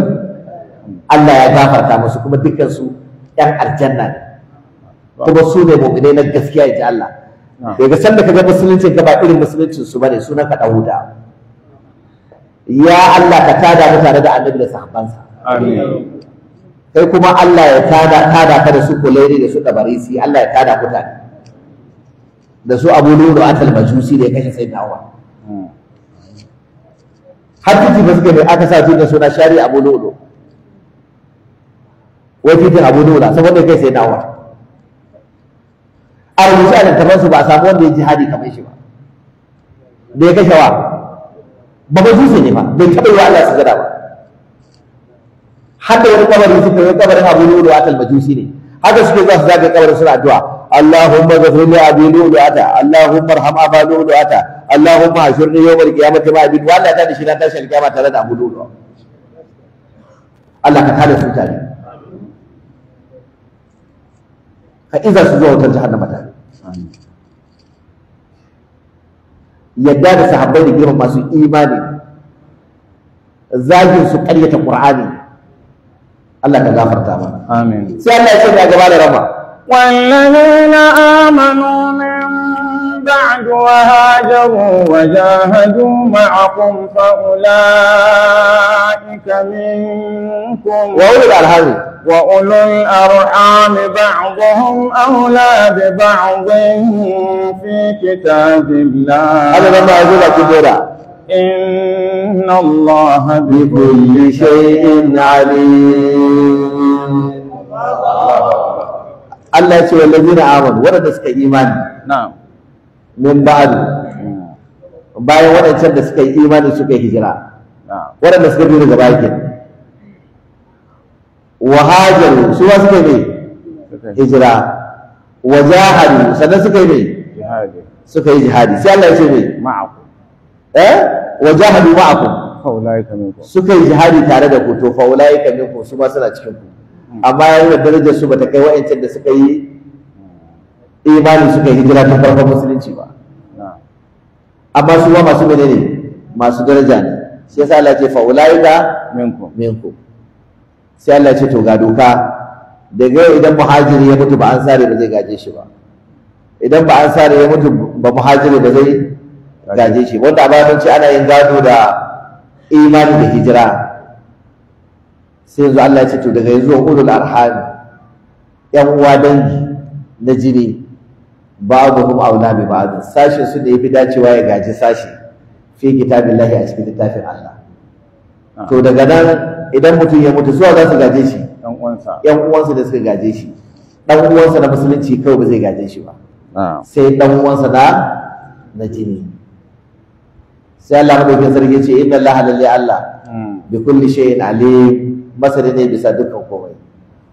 Allah ya gafarta musu kuma dukkansu ‘yan aljanna ne kuma su ne mu'minai na gaskiya ya ji Allah ah. daga san da kaga musuluncin ka ba irin musuluncin su bane sunan ka dauda ya Allah ka tada mutane da annabi da sahabbansa kai kuma Allah ya tada tada ka da su kulairi da su tabarisi Allah ya tada mutane da su Abu Lulu Atal Majusi da ya kashe Sayyidina Umar hmm. har tuti ba suke aka sa tun da suna shari'a Abu Lulu wai titin abu dole saboda kai sai dawo a rubuce a littafan su ba a samu wanda ya jihadi kamar shi ba da ya kashe wa ba ba su ne ba bai taɓa yi Allah su gada ba har wani kabarin su kai kabarin abu dole atal majusi ne haka suke zuwa su zaga kabarin suna addu'a اللهم اغفر لأبي لؤلؤته اللهم ارحم أبا لؤلؤته اللهم أشرني يوم القيامة مع أبي ولا تنشي لا تنشي القيامة لا أبو لؤلؤة الله كتالي سلطاني a iza su zuwa wutar jahannama mata yadda da sahabbai da girma masu imani zagin su karyata ƙur'ani. Allah ka gafarta ba. amin sai Allah ya ce ga gaba da rama wallazina amanu بعد وهاجروا وجاهدوا معكم فأولئك منكم وأولو الأرحام وأولو الأرحام بعضهم أولى ببعض في كتاب الله هذا ما يقول إن الله بكل شيء عليم الله يقول الذين آمنوا ورد اسك إيمان نعم min ba'du bayan waɗancan da suka yi imani suka yi hijira waɗanda suka biyu daga baki wa hajaru su ma suka yi ne hijira wa jahadu sannan suka yi ne suka yi jihadi sai Allah ya ce ne ma'akum eh wa jahadu ma'akum suka yi jihadi tare da ku to fa ulaika minkum su ma suna cikin ku amma yayin da darajar su bata kai waɗancan da suka yi imani suka hijira ta farkon musulunci ba amma su ma masu menene masu daraja ne sai yasa Allah ce fa ulaika minkum sai Allah ce to ga doka daga idan muhajiri ya mutu ba an sare ba zai gaje shi ba idan ba an sare ya mutu ba muhajiri ba zai gaje shi wanda ba ce ana yin gado da imani da hijira sai yanzu Allah ya ce to daga yanzu ulul arham yan uwa dangi na jini ba'dhum aula bi ba'd sashe su da yafi dacewa ya gaji sashi fi kitabillahi a cikin littafin Allah ah. to daga nan idan mutum ya mutu zuwa za su gaje shi ɗan uwansa ƴan uwansa da suka gaje shi ɗan uwansa na musulunci kawai ba zai gaje shi ba ah. sai ɗan uwansa na na jini sai Allah ya bayyana sarki ce inna Allah lalle Allah hmm. bi kulli shay'in alim masani ne bisa dukkan komai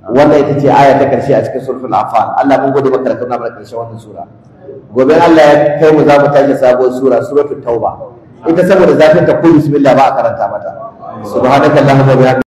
wannan ita ce aya ta karshe a cikin surfin afan. Allah mun gode maka da kana mana wannan sura gobe Allah ya kai mu za mu tashi sabuwar sura suratul tauba ita saboda zafin ta kullu bismillah ba a karanta mata subhanakallahumma wa bihamdika